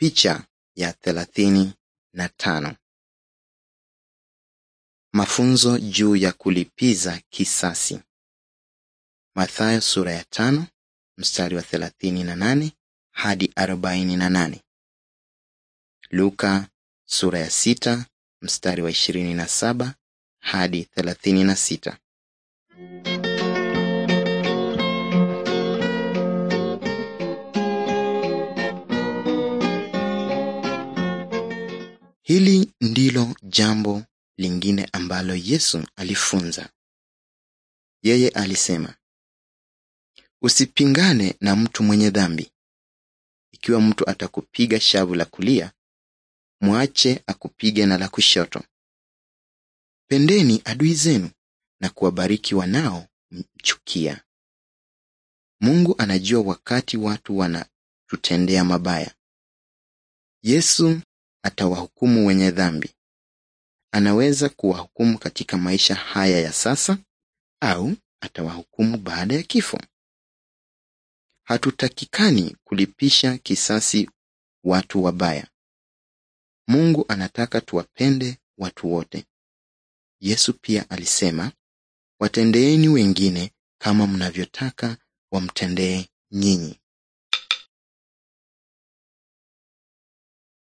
Picha ya thelathini na tano Mafunzo juu ya kulipiza kisasi. Mathayo sura ya tano mstari wa thelathini na nane hadi arobaini na nane Luka sura ya sita mstari wa ishirini na saba hadi thelathini na sita Hili ndilo jambo lingine ambalo Yesu alifunza. Yeye alisema, "Usipingane na mtu mwenye dhambi. Ikiwa mtu atakupiga shavu la kulia, mwache akupige na la kushoto. Pendeni adui zenu na kuwabariki mchukia Mungu anajua wakati watu wanatutendea mabaya. Yesu atawahukumu wenye dhambi. Anaweza kuwahukumu katika maisha haya ya sasa au atawahukumu baada ya kifo. Hatutakikani kulipisha kisasi watu wabaya. Mungu anataka tuwapende watu wote. Yesu pia alisema, watendeeni wengine kama mnavyotaka wamtendee nyinyi.